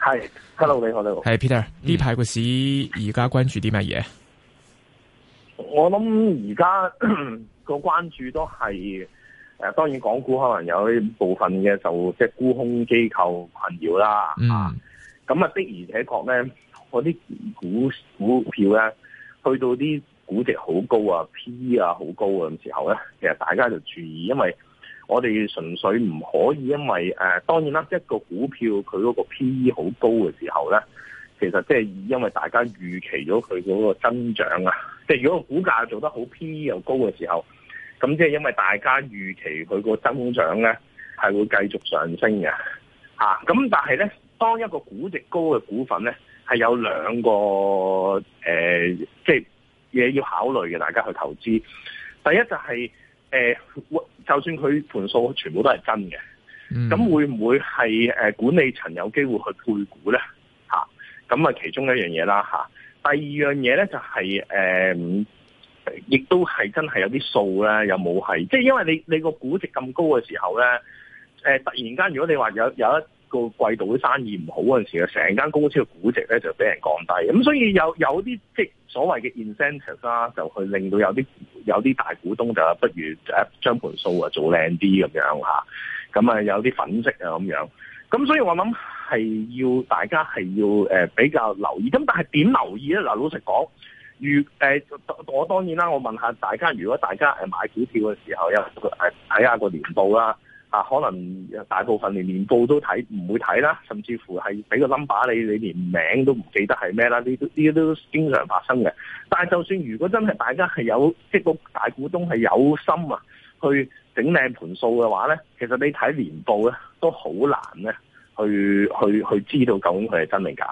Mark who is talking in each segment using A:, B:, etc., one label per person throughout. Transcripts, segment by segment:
A: 係，hello，你好你好。係 Peter，
B: 呢排個市而家關注啲乜嘢？
A: 我諗而家個關注都係誒，當然港股可能有一部分嘅，就即係沽空機構環繞啦。啊、嗯，咁啊的而且確咧，嗰啲股股票咧，去到啲估值好高啊，P E 啊好高嘅時候咧，其實大家就注意，因為。我哋純粹唔可以因為、呃、當然啦，一個股票佢嗰個 PE 好高嘅時候咧，其實即係因為大家預期咗佢嗰個增長啊，即係如果個股價做得好，PE 又高嘅時候，咁即係因為大家預期佢個增長咧係會繼續上升嘅嚇。咁、啊、但係咧，當一個估值高嘅股份咧係有兩個誒，即係嘢要考慮嘅，大家去投資。第一就係、是呃就算佢盤數全部都係真嘅，咁會唔會係誒管理層有機會去配股咧？嚇，咁啊其中一樣嘢啦嚇。第二樣嘢咧就係、是、誒、呃，亦都係真係有啲數咧，有冇係？即係因為你你個估值咁高嘅時候咧，誒突然間如果你話有有一個季度啲生意唔好嗰陣時，成間公司嘅估值咧就俾人降低，咁所以有有啲即係所謂嘅 incentive 啦、啊，就去令到有啲有啲大股東就不如誒將盤數啊做靚啲咁樣嚇，咁啊有啲粉飾啊咁樣，咁所以我諗係要大家係要誒、呃、比較留意，咁但係點留意咧？嗱，老實講，如誒、呃、我當然啦，我問下大家，如果大家誒買股票嘅時候有誒睇下個年報啦。啊，可能大部分連年報都睇唔會睇啦，甚至乎係俾個 number 你，你連名都唔記得係咩啦，呢啲呢啲都經常發生嘅。但係就算如果真係大家係有即係個大股東係有心啊，去整靚盤數嘅話咧，其實你睇年報咧都好難咧，去去去知道究竟佢係真定假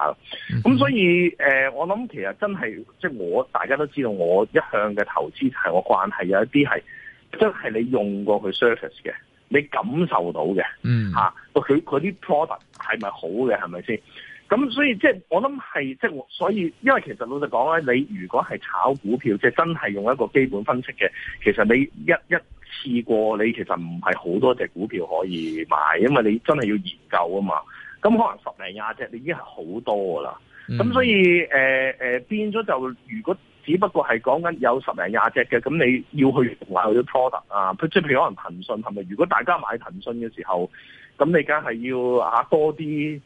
A: 咁、嗯、所以誒、呃，我諗其實真係即係我大家都知道，我一向嘅投資習慣係有一啲係即係你用過佢 service 嘅。你感受到嘅，嚇、嗯，佢佢啲 product 係咪好嘅，係咪先？咁所以即係我諗係即係，所以因為其實老實講咧，你如果係炒股票，即係真係用一個基本分析嘅，其實你一一次過你其實唔係好多隻股票可以買，因為你真係要研究啊嘛。咁可能十零廿隻，你已經係好多噶啦。
C: 咁、嗯、所以
A: 誒誒變咗就如果。只不過係講緊有十零廿隻嘅，咁你要去同埋去 product 啊，即係譬如可能騰訊係咪？如果大家買騰訊嘅時候，咁你梗係要啊多啲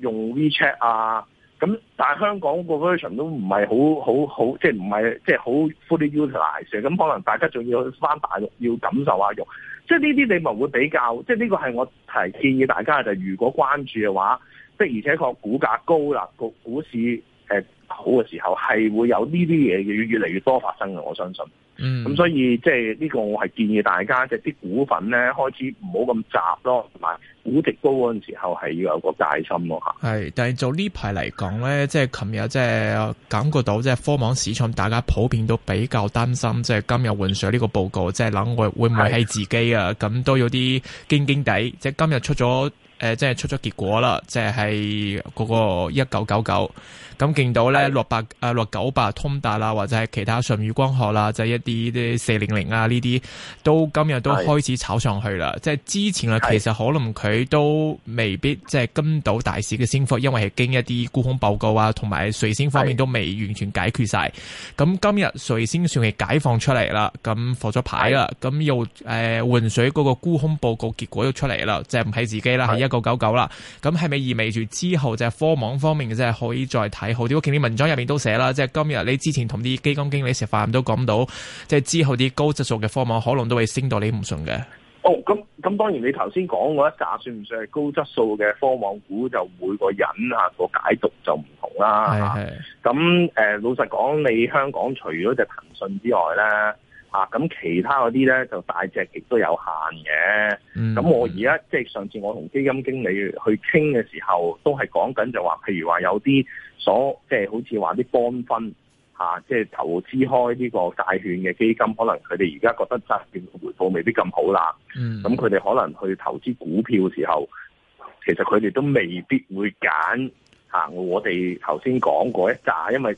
A: 用 WeChat 啊，咁、啊、但係香港個 version 都唔係好好好，即係唔係即係好 fully utilize 咁可能大家仲要翻大陸要感受下用，即係呢啲你咪會比較，即係呢個係我提建議大家就是、如果關注嘅話，即係而且個股價高啦，股市、呃好嘅時候係會有呢啲嘢越嚟越多發生嘅，我相信。
C: 咁，嗯，所
A: 以即係呢個我係建議大家即係啲股份咧開始唔好咁雜咯，同埋估值高嗰陣時候係要有個戒心咯吓。
B: 係，但係做呢排嚟講咧，即係琴日即係感覺到即係科網市場，大家普遍都比較擔心。即係今日換水呢個報告，即係諗會會唔會係自己啊？咁都有啲驚驚地。即係今日出咗。誒、呃，即係出咗結果啦，即係嗰個一九九九，咁見到咧六八啊、呃、六九八通達啦，或者係其他舜宇光學啦，即、就、係、是、一啲啲四零零啊呢啲，都今日都開始炒上去啦。即係之前啊，其實可能佢都未必即係跟到大市嘅升幅，因為係經一啲沽空報告啊，同埋瑞聲方面都未完全解決晒。咁今日瑞聲算係解放出嚟啦，咁放咗牌啦，咁又誒、呃、渾水嗰個沽空報告結果都出嚟啦，即係唔係自己啦，係一九九九啦，咁係咪意味住之後即係科網方面即係可以再睇好啲？我見啲文章入面都寫啦，即係今日你之前同啲基金經理食飯都講到，即係之後啲高質素嘅科網可能都會升到你唔信嘅。
A: 哦，咁咁當然你頭先講嗰一扎算唔算係高質素嘅科網股？就每個人啊個解讀就唔同啦。係。咁誒、呃，老實講，你香港除咗隻騰訊之外咧？啊，咁其他嗰啲咧就大隻，亦都有限嘅。咁、mm -hmm. 我而家即係上次我同基金經理去傾嘅時候，都係講緊就話，譬如話有啲所即係好似話啲幫分即係、啊就是、投資開呢個債券嘅基金，可能佢哋而家覺得債券回報未必咁好啦。咁佢哋可能去投資股票嘅時候，其實佢哋都未必會揀行、啊、我哋頭先講過一紮，因為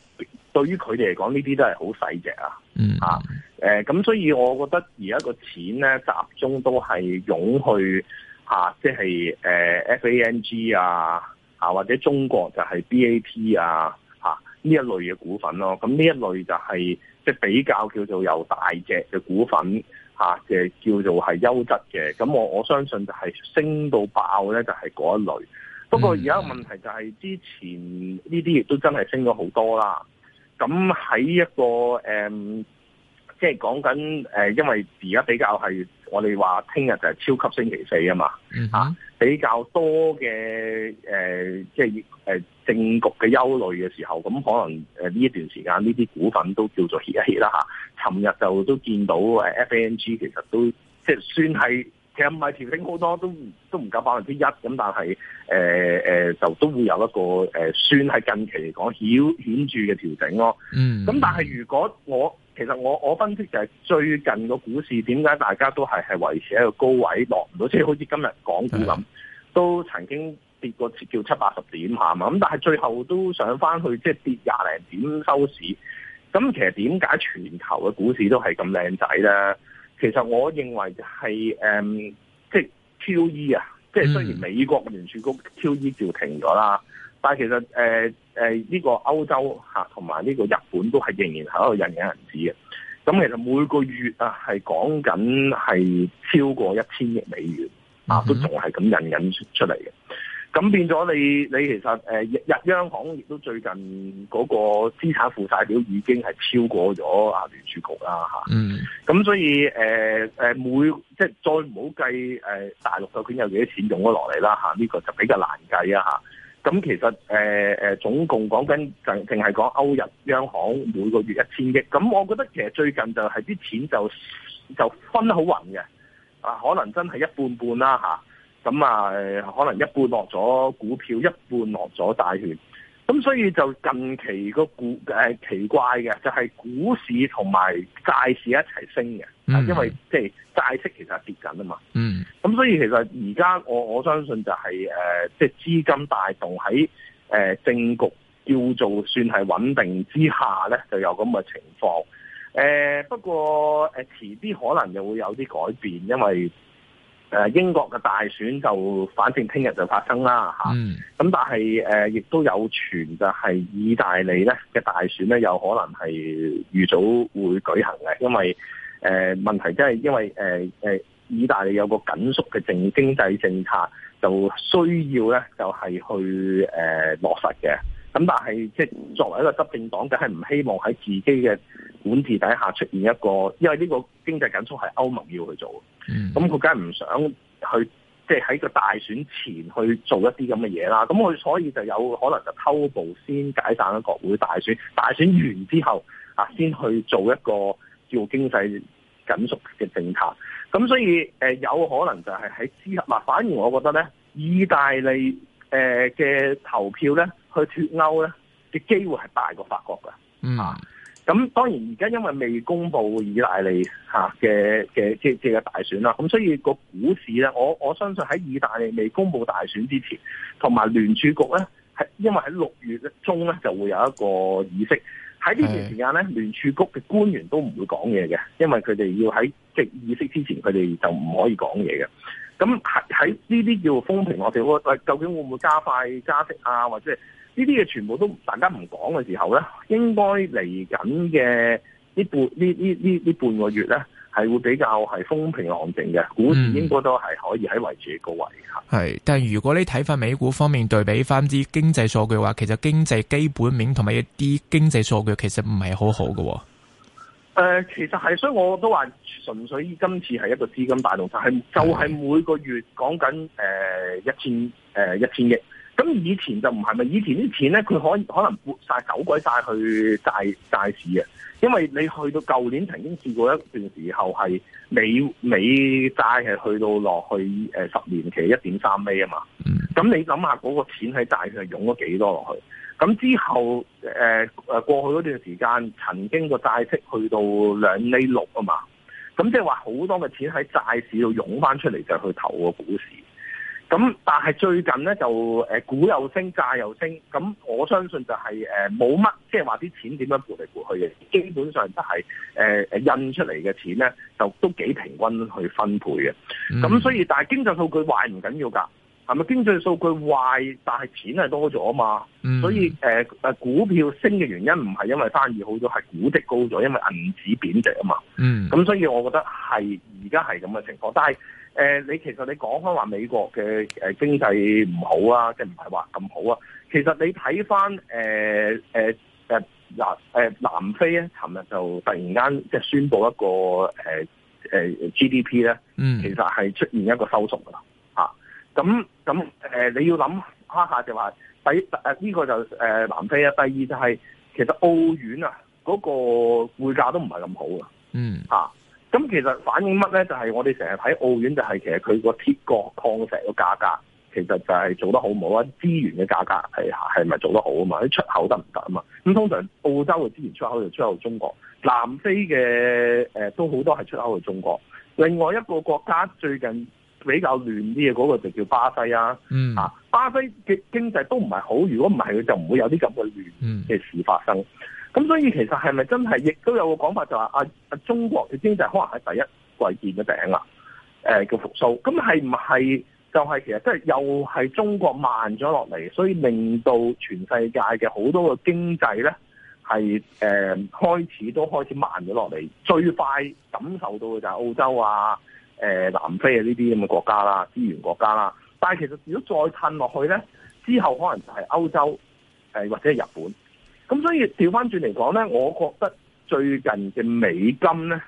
A: 對於佢哋嚟講，呢啲都係好細隻啊。嗯啊，誒、呃，咁所以我覺得而家個錢咧，集中都係湧去吓，即係誒 FANG 啊、吓、啊、或者中國就係 BAT 啊、吓、啊、呢一類嘅股份咯。咁、啊、呢一類就係即比較叫做有大隻嘅股份吓嘅、啊、叫做係優質嘅。咁我我相信就係升到爆咧，就係嗰一類。嗯、不過而家問題就係之前呢啲亦都真係升咗好多啦。咁喺一個誒、嗯，即係講緊誒，因為而家比較係我哋話聽日就係超級星期四啊嘛
C: ，mm -hmm.
A: 比較多嘅、呃、即係、呃、政局嘅憂慮嘅時候，咁可能呢一段時間呢啲股份都叫做歇一歇啦嚇。尋日就都見到 F A N G 其實都即係算係。其實唔係調整好多，都都唔夠百分之一咁，但係誒誒就都會有一個誒、呃、算係近期嚟講顯顯著嘅調整咯、啊。嗯，咁但係如果我其實我我分析就係最近個股市點解大家都係係維持喺個高位落唔到，即係、就是、好似今日港股咁，都曾經跌過叫七八十點下嘛。咁但係最後都上翻去，即、就、係、是、跌廿零點收市。咁其實點解全球嘅股市都係咁靚仔咧？其實我認為就係、嗯、即係 QE 啊，即係雖然美國聯儲局 QE 就停咗啦、嗯，但係其實誒誒呢個歐洲嚇同埋呢個日本都係仍然喺度印印銀紙嘅。咁、嗯、其實每個月啊係講緊係超過一千億美元啊，啊嗯、都仲係咁印印出嚟嘅。咁變咗你你其實日、呃、日央行亦都最近嗰個資產負債表已經係超過咗啊聯儲局啦嚇，咁、mm. 啊、所以、呃、每即係再唔好計、呃、大陸究竟有幾多錢用咗落嚟啦，呢個就比較難計啊嚇。咁其實、呃、總共講緊就淨係講歐日央行每個月一千億，咁我覺得其實最近就係啲錢就就分得好勻嘅，啊可能真係一半半啦、啊咁啊，可能一半落咗股票，一半落咗債券。咁所以就近期個股誒、呃、奇怪嘅，就係、是、股市同埋債市一齊升嘅。嗯、因為即係債息其實跌緊啊嘛。嗯。咁所以其實而家我我相信就係誒即係資金帶動喺誒政局叫做算係穩定之下咧，就有咁嘅情況誒、呃。不過誒遲啲可能又會有啲改變，因為。誒，英國嘅大選就反正聽日就發生啦，吓、mm.，咁但係誒，亦都有傳就係意大利咧嘅大選咧，有可能係預早會舉行嘅，因為誒、呃、問題即係因為誒誒、呃，意大利有個緊縮嘅政經濟政策，就需要咧就係去誒、呃、落實嘅，咁但係即係作為一個執政黨，梗係唔希望喺自己嘅。管治底下出現一個，因為呢個經濟緊縮係歐盟要去做的，咁佢梗係唔想去，即係喺個大選前去做一啲咁嘅嘢啦。咁佢所以就有可能就偷步先解散咗國會大選，大選完之後啊，先去做一個叫經濟緊縮嘅政策。咁所以、呃、有可能就係喺之合嗱，反而我覺得咧，意大利誒嘅、呃、投票咧去脱歐咧嘅機會係大過法國噶，嗯。咁當然而家因為未公布意大利嘅嘅嘅大選啦，咁所以個股市咧，我我相信喺意大利未公布大選之前，同埋聯儲局咧，係因為喺六月中咧就會有一個議息。喺呢段時間咧，聯儲局嘅官員都唔會講嘢嘅，因為佢哋要喺即議息之前，佢哋就唔可以講嘢嘅。咁喺喺呢啲叫風平浪靜喎，誒究竟會唔會加快加息啊？或者呢啲嘢全部都大家唔講嘅時候咧，應該嚟緊嘅呢半呢呢呢呢半個月咧，係會比較係風平浪靜嘅，股市應該都係可以喺維持高位
B: 係、嗯，但係如果你睇翻美股方面對比翻啲經濟數據嘅話，其實經濟基本面同埋一啲經濟數據其實唔係好好㗎喎。
A: 呃、其實係，所以我都話純粹今次係一個資金大動作，係就係、係、每個月講緊一千一千億。咁以前就唔係咪？以前啲錢咧，佢可可能撥曬、走鬼曬去債、債市嘅，因為你去到舊年曾經試過一段時候係美美債係去到落去呃、十年期一點三尾啊嘛。咁你諗、嗰個、下嗰個錢喺債上湧咗幾多落去？咁之後，呃、過去嗰段時間，曾經個債息去到兩厘六啊嘛，咁即係話好多嘅錢喺債市度湧翻出嚟就去投個股市。咁但係最近咧就、呃、股又升，債又升，咁我相信就係呃、冇乜，即係話啲錢點樣撥嚟撥去嘅，基本上都係、呃、呃、印出嚟嘅錢咧，就都幾平均去分配嘅。咁所以，但係經濟數據壞唔緊要㗎。係咪經濟數據壞，但係錢係多咗啊嘛，嗯？所以誒誒、呃、股票升嘅原因唔係因為生意好咗，係估值高咗，因為銀紙貶值啊嘛。嗯，咁所以我覺得係而家係咁嘅情況。但係誒、呃，你其實你講開話美國嘅誒經濟唔好啊，即係唔係話咁好啊？其實你睇翻誒誒誒南誒南非咧，尋日就突然間即係宣布一個誒誒、呃呃、GDP 咧，其實係出現一個收縮噶啦。咁咁誒，你要諗下下就話，第誒呢、呃這個就誒、是呃、南非啦。第二就係、是、其實澳元啊，嗰、那個匯價都唔係咁好啊。嗯，咁、啊、其實反映乜咧？就係、是、我哋成日睇澳元，就係其實佢個鐵礦礦石個價格，其實就係做得好唔好啊？資源嘅價格係係咪做得好啊？嘛出口得唔得啊？嘛咁通常澳洲嘅資源出口就出口中國，南非嘅、呃、都好多係出口去中國。另外一個國家最近。比較亂啲嘅嗰個就叫巴西啊，嗯啊，巴西嘅經濟都唔係好，如果唔係佢就唔會有啲咁嘅亂嘅事發生。咁、嗯、所以其實係咪真係亦都有個講法就話、是、啊，啊中國嘅經濟可能係第一季見嘅頂啦，誒、啊、叫復甦，咁係唔係就係、是就是、其實即係又係中國慢咗落嚟，所以令到全世界嘅好多個經濟咧係誒開始都開始慢咗落嚟，最快感受到嘅就係澳洲啊。誒南非啊呢啲咁嘅國家啦，資源國家啦，但係其實如果再撐落去咧，之後可能就係歐洲誒或者係日本。咁所以調翻轉嚟講咧，我覺得最近嘅美金咧，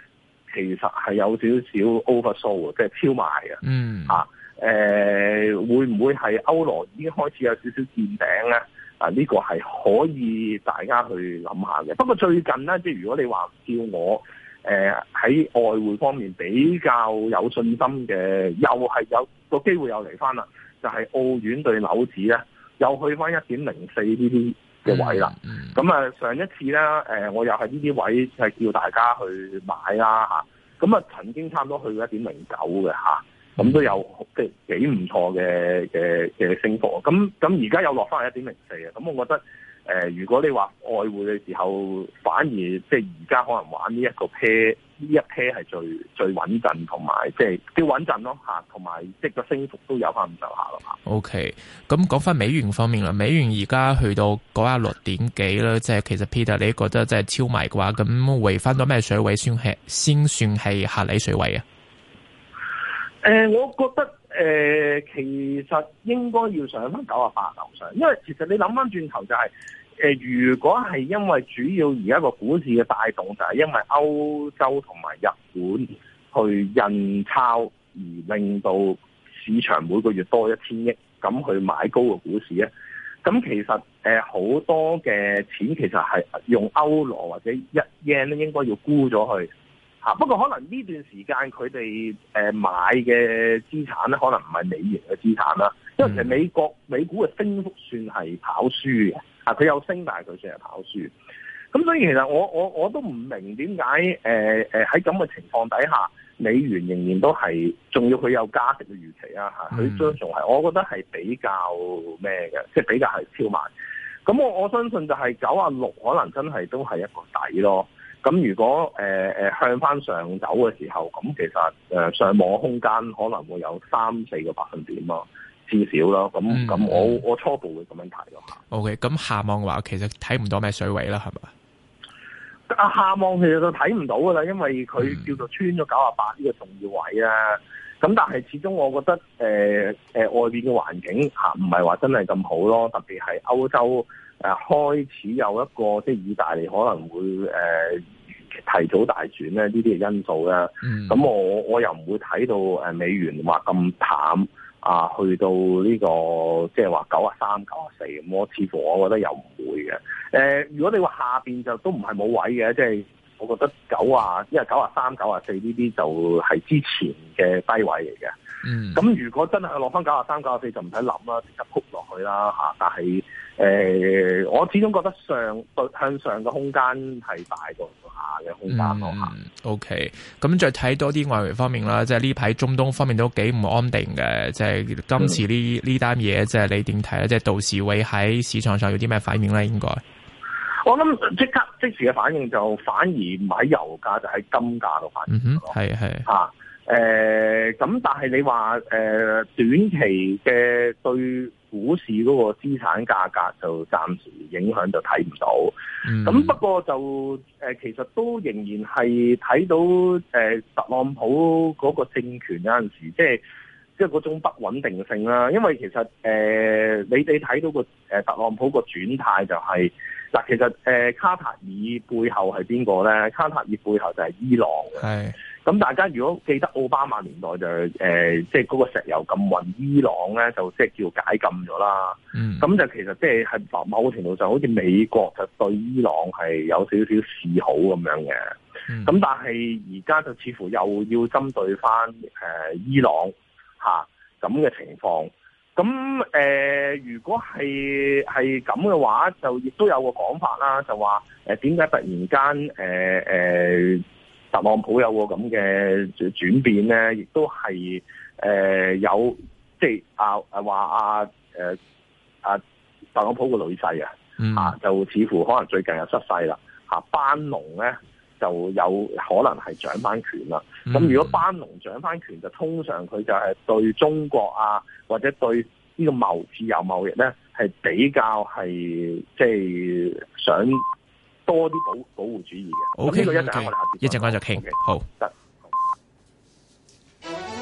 A: 其實係有少少 oversold 嘅，即係飄賣嘅。嗯。嚇誒，會唔會係歐羅已經開始有少少見頂咧？啊，呢、這個係可以大家去諗下嘅。不過最近咧，即係如果你話唔叫我。誒、呃、喺外匯方面比較有信心嘅，又係有個機會又嚟翻啦，就係、是、澳元對紐紙咧，又去翻一點零四呢啲嘅位啦。咁、嗯、啊、嗯，上一次咧、呃，我又係呢啲位係叫大家去買啦，咁啊，曾經差唔多去到一點零九嘅，咁都有即係幾唔錯嘅嘅嘅升幅。咁咁而家又落翻一點零四啊。咁我覺得。誒，如果你話外匯嘅時候，反而即係而家可能玩呢一個 pair，呢一 pair 係最最穩陣同埋，即係叫穩陣咯嚇，同埋即係個升幅都有翻咁上下啦
B: ，O K，咁講翻美元方面啦，美元而家去到九啊六點幾啦，即係其實 Peter 你覺得即係超買嘅話，咁回翻到咩水位先係先算係合理水位啊？誒、
A: 呃，我覺得。呃、其實應該要上翻九啊八樓上，因為其實你諗翻轉頭就係、是呃，如果係因為主要而家個股市嘅帶動，就係因為歐洲同埋日本去印鈔，而令到市場每個月多一千億咁去買高個股市咧，咁其實誒好、呃、多嘅錢其實係用歐羅或者日 yen 應該要沽咗去。啊！不過可能呢段時間佢哋誒買嘅資產咧，可能唔係美元嘅資產啦，因為其實美國美股嘅升幅算係跑輸嘅，啊佢有升，但係佢算係跑輸。咁所以其實我我我都唔明點解誒誒喺咁嘅情況底下，美元仍然都係仲要佢有加息嘅預期啦嚇，佢將仲係，我覺得係比較咩嘅，即係比較係超慢。咁我我相信就係九啊六可能真係都係一個底咯。咁如果誒、呃、向翻上走嘅時候，咁其實、呃、上望空間可能會有三四個百分點咯、啊，至少咯。咁咁、嗯嗯、我我初步會咁樣睇咯。
B: OK，咁下望嘅話，其實睇唔到咩水位啦，係
A: 咪？啊，下望其實就睇唔到噶啦，因為佢叫做穿咗九啊八呢個重要位啊。咁、嗯、但係始終我覺得誒、呃呃、外面嘅環境唔係話真係咁好咯，特別係歐洲。誒開始有一個即係意大利可能會誒、呃、提早大選咧，呢啲嘅因素啦。咁、嗯、我我又唔會睇到誒美元話咁淡啊，去到呢、呢個即係話九啊三、九啊四咁。94，我似乎我覺得又唔會嘅。誒、呃，如果你話下邊就都唔係冇位嘅，即、就、係、是、我覺得九啊一、因為、九啊三、九啊四呢啲就係之前嘅低位嚟嘅。咁、嗯、如果真係落翻九廿三、九廿四，就唔使諗啦，即刻撲落去啦吓。但係誒、呃，我始終覺得上向向上嘅空間係大過下嘅空間落
C: 行。
B: OK，咁再睇多啲外圍方面啦，即係呢排中東方面都幾唔安定嘅。即、就、係、是、今次呢呢單嘢，即、嗯、係你點睇？即係到時會喺市場上有啲咩反應咧？應該
A: 我諗即刻即時嘅反應就反而唔喺油價，就喺金價度反應係係吓。嗯誒、呃，咁但係你話誒、呃、短期嘅對股市嗰個資產價格就暫時影響就睇唔到，咁、嗯、不過就誒、呃、其實都仍然係睇到誒、呃、特朗普嗰個政權嗰陣時，即係即係嗰種不穩定性啦。因為其實誒、呃、你哋睇到個誒、呃、特朗普個轉態就係、是、嗱、呃，其實誒卡塔爾背後係邊個咧？卡塔爾背、背後就係伊朗。係。咁大家如果記得奧巴馬年代就誒，即係嗰個石油禁運伊朗咧，就即係叫解禁咗啦。咁、嗯、就其實即係係某程度上，好似美國就對伊朗係有少少示好咁樣嘅。咁、嗯、但係而家就似乎又要針對翻誒、呃、伊朗吓咁嘅情況。咁誒、呃，如果係係咁嘅話，就亦都有個講法啦，就話誒點解突然間誒誒？呃呃特朗普有個咁嘅轉變咧，亦都係誒、呃、有即係啊話啊啊，啊特朗普個女婿、嗯、啊就似乎可能最近又失勢啦班農咧就有可能係掌翻權啦。咁、嗯、如果班農掌翻權，就通常佢就係對中國啊或者對呢個貿自由貿易咧係比較係即係想。多啲保保護主義嘅 ok, okay. 一陣間一陣間
B: 就傾好
A: 得